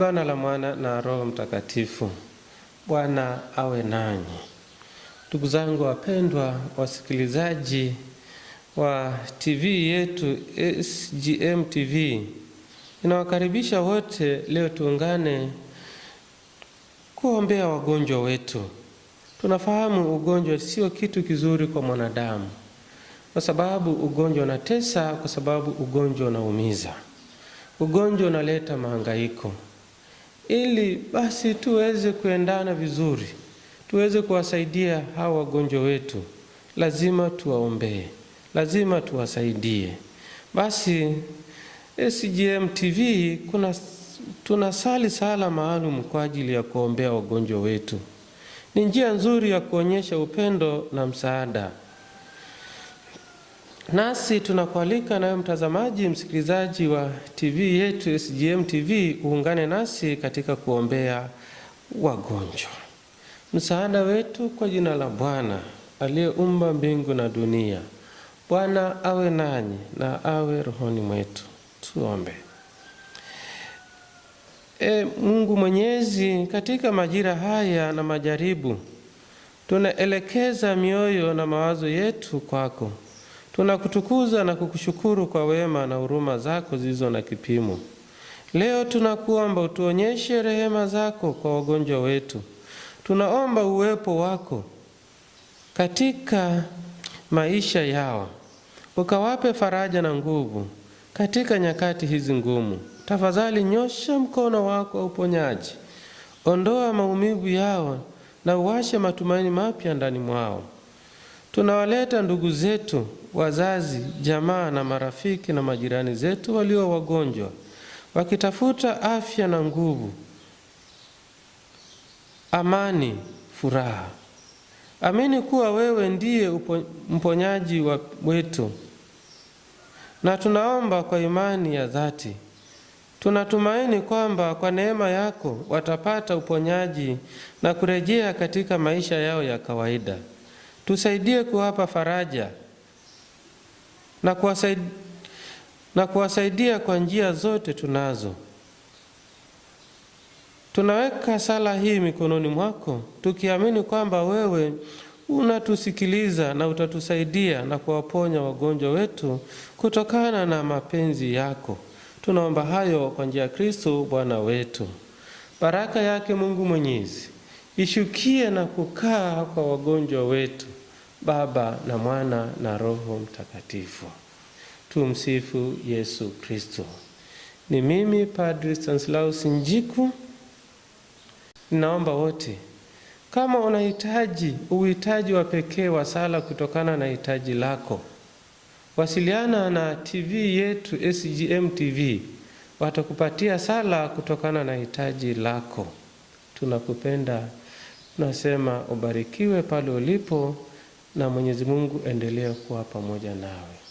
Bwana la Mwana na Roho Mtakatifu. Bwana awe nanyi. Ndugu zangu wapendwa, wasikilizaji wa TV yetu SGM TV, inawakaribisha wote leo tuungane kuombea wagonjwa wetu. Tunafahamu ugonjwa sio kitu kizuri kwa mwanadamu, kwa sababu ugonjwa unatesa, kwa sababu ugonjwa unaumiza, ugonjwa unaleta mahangaiko ili basi tuweze kuendana vizuri, tuweze kuwasaidia hawa wagonjwa wetu, lazima tuwaombee, lazima tuwasaidie. Basi SGM TV kuna tunasali sala maalum kwa ajili ya kuombea wagonjwa wetu. Ni njia nzuri ya kuonyesha upendo na msaada. Nasi tunakualika nawe mtazamaji, msikilizaji wa TV yetu SGM TV, uungane nasi katika kuombea wagonjwa. Msaada wetu kwa jina la Bwana aliyeumba mbingu na dunia. Bwana awe nanyi na awe rohoni mwetu. Tuombe. E, Mungu Mwenyezi, katika majira haya na majaribu, tunaelekeza mioyo na mawazo yetu kwako Tunakutukuza na kukushukuru kwa wema na huruma zako zilizo na kipimo. Leo tunakuomba utuonyeshe rehema zako kwa wagonjwa wetu. Tunaomba uwepo wako katika maisha yao, ukawape faraja na nguvu katika nyakati hizi ngumu. Tafadhali nyosha mkono wako wa uponyaji, ondoa maumivu yao na uwashe matumaini mapya ndani mwao. Tunawaleta ndugu zetu, wazazi, jamaa na marafiki na majirani zetu walio wagonjwa, wakitafuta afya na nguvu, amani, furaha. Amini kuwa wewe ndiye mponyaji wa wetu, na tunaomba kwa imani ya dhati. Tunatumaini kwamba kwa neema yako watapata uponyaji na kurejea katika maisha yao ya kawaida tusaidie kuwapa faraja na kuwasaidia, na kuwasaidia kwa njia zote tunazo. Tunaweka sala hii mikononi mwako tukiamini kwamba wewe unatusikiliza na utatusaidia na kuwaponya wagonjwa wetu kutokana na mapenzi yako. Tunaomba hayo kwa njia ya Kristo Bwana wetu. Baraka yake Mungu Mwenyezi ishukie na kukaa kwa wagonjwa wetu. Baba na Mwana na Roho Mtakatifu. Tumsifu Yesu Kristo. Ni mimi Padri Stanislaus Njiku. Ninaomba wote, kama unahitaji uhitaji wa pekee wa sala kutokana na hitaji lako, wasiliana na TV yetu SGM TV, watakupatia sala kutokana na hitaji lako. Tunakupenda, tunasema ubarikiwe pale ulipo na Mwenyezi Mungu endelea kuwa pamoja nawe.